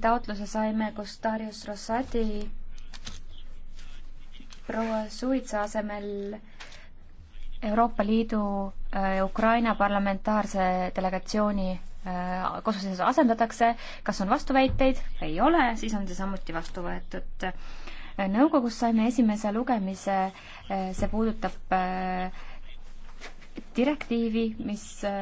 taotluse saime, kus Darius Rossati proua Suitsa asemel Euroopa Liidu äh, Ukraina parlamentaarse delegatsiooni äh, koosseisus asendatakse. kas on vastuväiteid? ei ole, siis on see samuti vastu võetud. Äh, nõukogus saime esimese lugemise äh,, see puudutab äh, direktiivi, mis äh,